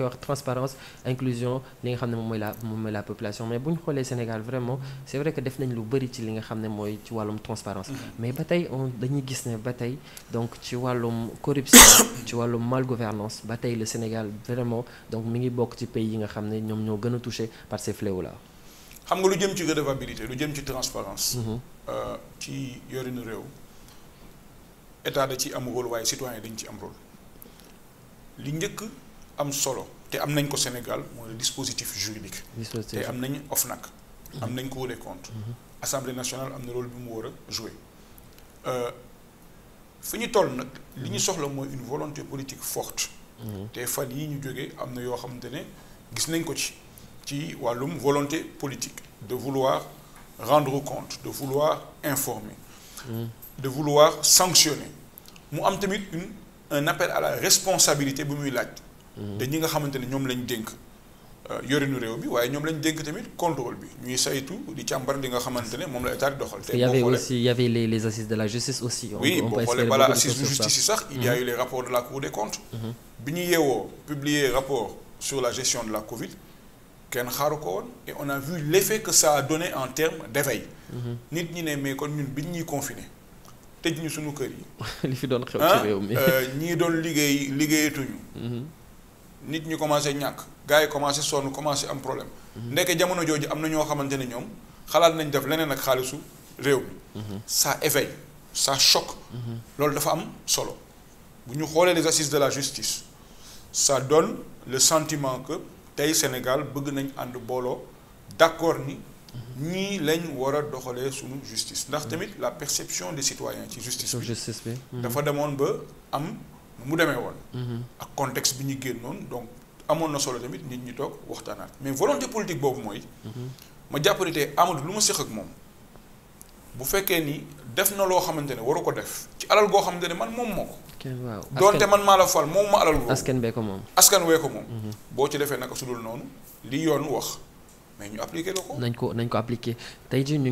koy wax transparence inclusion li nga xam ne moom mooy la moom mooy la population mais bu ñu xoolee Sénégal vraiment c'est vrai que def nañ lu bëri ci li nga xam ne mooy ci wàllum transparence mm-hmm. mais ba tey on dañuy gis ne ba tey donc ci wàllum corruption ci wàllum mal gouvernance ba tey le Sénégal vraiment donc mi ngi bokk ci pays yi nga xam ne ñoom ñoo gën a touché par ces fléaux là xam nga lu jëm ci redevabilité lu jëm ci transparence mm-hmm. euh, ci yorinu réew état da ci am rôle waaye citoyen dañ ci am rôle li njëkk am solo te am nañ ko Sénégal mooy le dispositif juridique te am nañ OFNAC am nañ Cour des comptes mhm. assemblée nationale am na rôle bi mu wara a jouer euh, fi ñu toll nag li ñu mhm. soxla mooy une volonté politique forte mhm. te fan yi ñu jógee am na yoo xamante ne gis nañ ko ci ci wàllum volonté politique de vouloir rendre compte de vouloir informer de vouloir sanctionner mu am tamit une un appel à la responsabilité bu muy laaj te ñi nga xamante ne ñoom lañ dénk euh, yorinu réew mi waaye ñoom lañ dénk tamit contrôle bi ñuy saytu di càmbar li nga xamante ne moom la état di doxal. te y avait aussi il y de la justice aussi. on oui boo balaa assises de justice yi sax. il y a mm-hmm. de la cour des comptes. Mm-hmm. bi ñu yeewoo publier rapport sur la gestion de la Covid. kenn xaaru ko woon et on a vu l'effet que ça a en termes d'éveil. Mm-hmm. nit ñi ne mais kon bi ñuy confiné tëj ñu su kër yi. li fi doon mi euh, ñii doon liggéey nit ñi commencé ñàkk gars yi commencé sonn commencé am problème mhm. ndeke jamono jooju am na ñoo xamante ne ñoom xalaat nañ def leneen ak xaalisu réew mi mhm. ça éveille ça choque mhm. loolu dafa am solo bu ñu xoolee les de la justice sa donne le sentiment que tey Sénégal bëgg nañ ànd booloo d'accord ni ñii lañ war a doxalee sunu justice ndax tamit la perception des citoyens ci justice bi dafa demoon ba am mu demee woon. Mhm. ak contexte bi ñu génnoon donc amoon na solo tamit nit ñi toog waxtaanaat mais volonté politique boobu mooy. Mhm. ma jàpp ne tey Amadou lu ma séq ak moom bu fekkee ni def na loo xamante ne waru ko def ci alal goo xamante ne man moom moo ko. waaw doonte man maa la fal moom ma alal boobu. askan bee ko moom askan wee ko moom. Mhm. boo ci defee naka su dul noonu li yoon wax mais ñu appliqué la ko. nañ ko nañ ko appliqué tey jii ñu